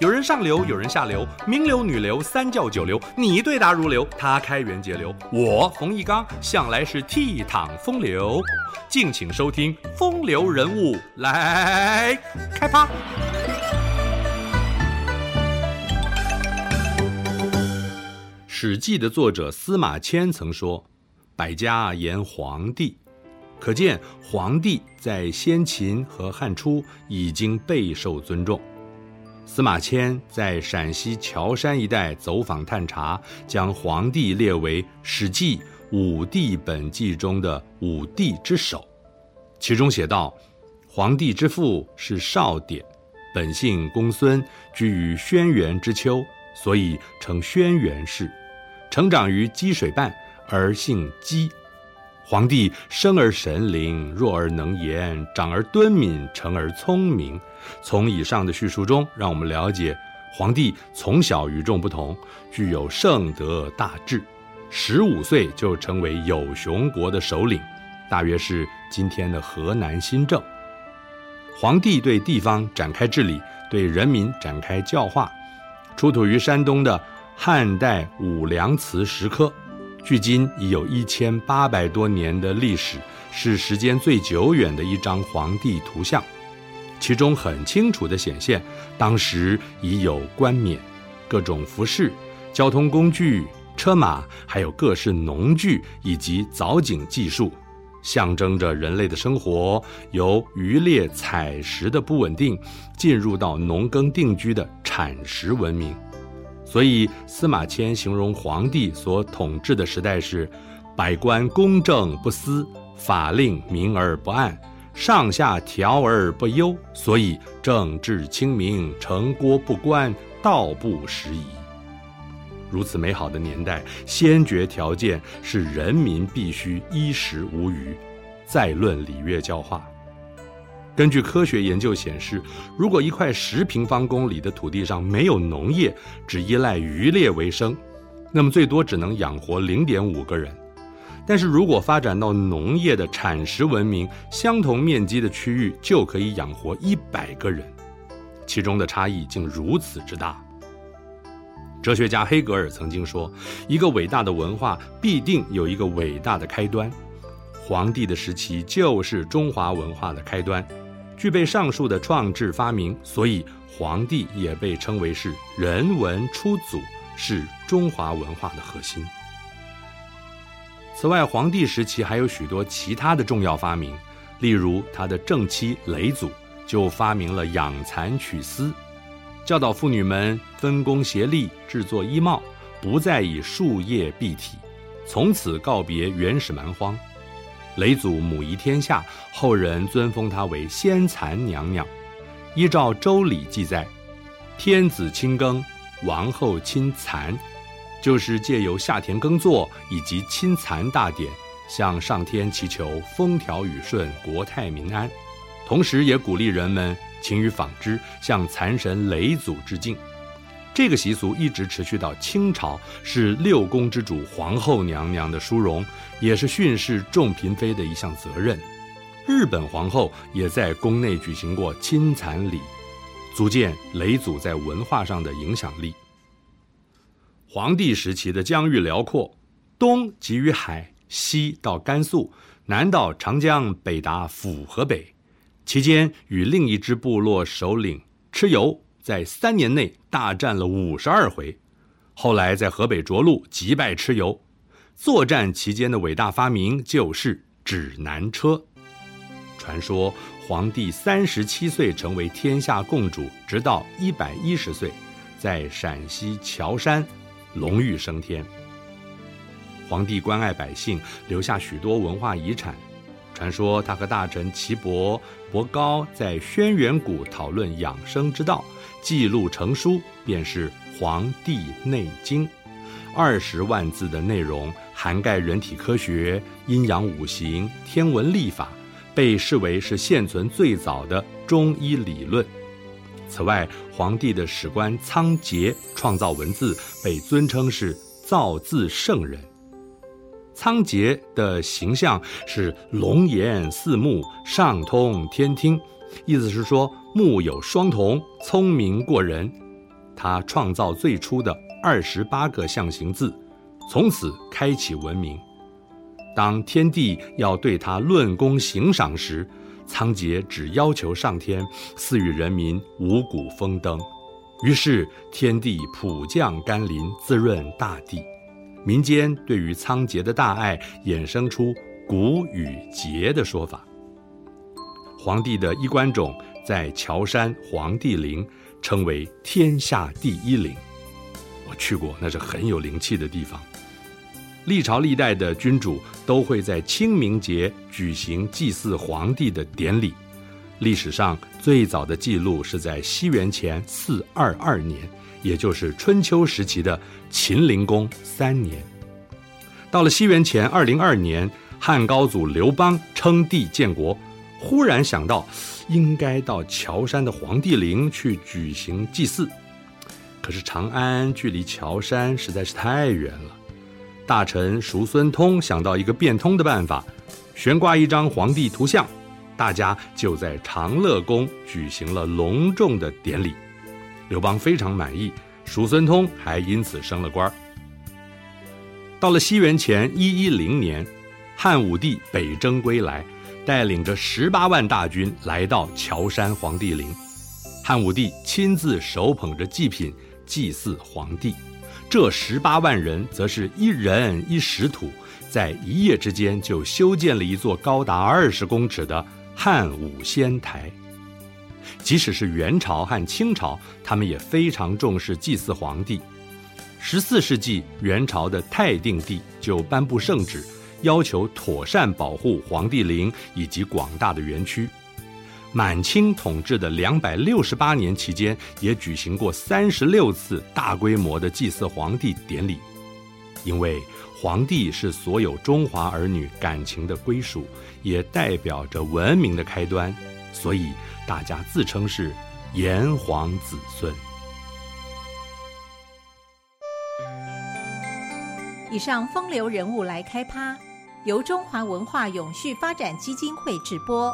有人上流，有人下流，名流、女流、三教九流，你對答如流，他開源節流，我馮翊綱向來是倜儻風流。敬請收聽《風流人物》來，來開趴。《史記》的作者司馬遷曾說：“百家言黃帝”，可見黃帝在先秦和漢初已經備受尊重。司馬遷在陝西橋山一帶走訪探查，將黃帝列為《史記·五帝本紀》中的五帝之首。其中寫道：“黃帝之父是少典，本姓公孫，居於軒轅之丘，所以稱軒轅氏。成長於姬水畔，而姓姬。”黃帝生而神靈，弱而能言，長而敦敏，成而聰明。從以上的敘述中，讓我們了解，黃帝從小與眾不同，具有聖德大志。十五歲就成為有熊國的首領，大約是今天的河南新鄭。黃帝對地方展開治理，對人民展開教化。出土於山東的漢代武梁祠石刻，距今已有一千八百多年的歷史，是時間最久遠的一張黃帝圖像。其中很清楚地顯現，當時已有冠冕、各種服飾、交通工具、車馬，還有各式農具以及鑿井技術，象徵着人類的生活由漁獵採食的不穩定，進入到農耕定居的產食文明。所以司馬遷形容皇帝所統治的時代是：百官公正不私，法令明而不暗，上下調而不憂。所以政治清明，城郭不關，道不拾遺。如此美好的年代，先決條件是人民必須衣食無虞，再論禮樂教化。根據科學研究顯示，如果一塊十平方公里的土地上沒有農業，只依賴漁獵為生，那麼最多只能養活零點五個人；但是如果發展到農業的產食文明，相同面積的區域就可以養活一百個人。其中的差異竟如此之大。哲學家黑格爾曾經說：“一個偉大的文化必定有一個偉大的開端，黃帝的時期就是中華文化的開端。”具備上述的創制發明，所以黃帝也被稱為是人文初祖，是中華文化的核心。此外，黃帝時期還有許多其他的重要發明，例如他的正妻嫘祖就發明了養蠶取絲，教導婦女們分工協力制作衣帽，不再以樹葉蔽體，從此告別原始蠻荒。嫘祖母儀天下，後人尊封她為先蠶娘娘。依照《周禮》記載，天子親耕，王后親蠶，就是借由下田耕作以及親蠶大典，向上天祈求風調雨順、國泰民安，同時也鼓勵人們勤於紡織，向蠶神嫘祖致敬。這個習俗一直持續到清朝，是六宮之主皇後娘娘的殊榮，也是訓示眾嬪妃的一項責任。日本皇後也在宮內舉行過親蠶禮，足見嫘祖在文化上的影響力。黃帝時期的疆域遼闊，東及於海，西到甘肅，南到長江，北達府河北，其間與另一支部落首領蚩尤。在三年內大戰了五十二回，後來在河北涿鹿擊敗蚩尤。作戰期間的偉大發明就是指南車。傳說黃帝三十七歲成為天下共主，直到一百一十歲，在陝西橋山龍馭升天。黃帝關愛百姓，留下許多文化遺產。傳說他和大臣岐伯、伯高在軒轅谷討論養生之道，記錄成書便是《黃帝內經》，二十萬字的內容涵蓋人體科學、陰陽五行、天文曆法，被視為是現存最早的中醫理論。此外，黃帝的史官倉頡創造文字，被尊稱是造字聖人。倉頡的形象是龍顏四目，上通天聽，意思是說目有雙瞳，聰明過人。他創造最初的二十八個象形字，從此開啟文明。當天帝要對他論功行賞時，倉頡只要求上天賜予人民五穀豐登。於是天帝普降甘霖，滋潤大地。民間對於倉頡的大愛，衍生出“穀雨節”的說法。黃帝的衣冠冢在喬山黃帝陵，稱為“天下第一陵”。我去過，那是很有靈氣的地方。歷朝歷代的君主都會在清明節舉行祭祀黃帝的典禮。歷史上最早的記錄是在西元前四二二年，也就是春秋時期的秦靈公三年。到了西元前二零二年，漢高祖劉邦稱帝建國，忽然想到應該到橋山的黃帝陵去舉行祭祀。可是長安距離橋山實在是太遠了，大臣叔孫通想到一個變通的辦法，懸掛一張黃帝圖像。大家就在長樂宮舉行了隆重的典禮，劉邦非常滿意，叔孫通還因此升了官。到了西元前一一零年，漢武帝北征歸來，帶領着十八萬大軍來到喬山黃帝陵，漢武帝親自手捧着祭品祭祀黃帝。這十八萬人則是一人一石土，在一夜之間就修建了一座高達二十公尺的漢武仙台，即使是元朝和清朝，他們也非常重視祭祀黃帝。十四世紀，元朝的泰定帝就頒布聖旨，要求妥善保護黃帝陵以及廣大的園區。滿清統治的兩百六十八年期間，也舉行過三十六次大規模的祭祀黃帝典禮。因為黃帝是所有中華兒女感情的歸屬，也代表着文明的開端，所以大家自稱是炎黃子孫。以上風流人物來開趴，由中華文化永續發展基金會直播。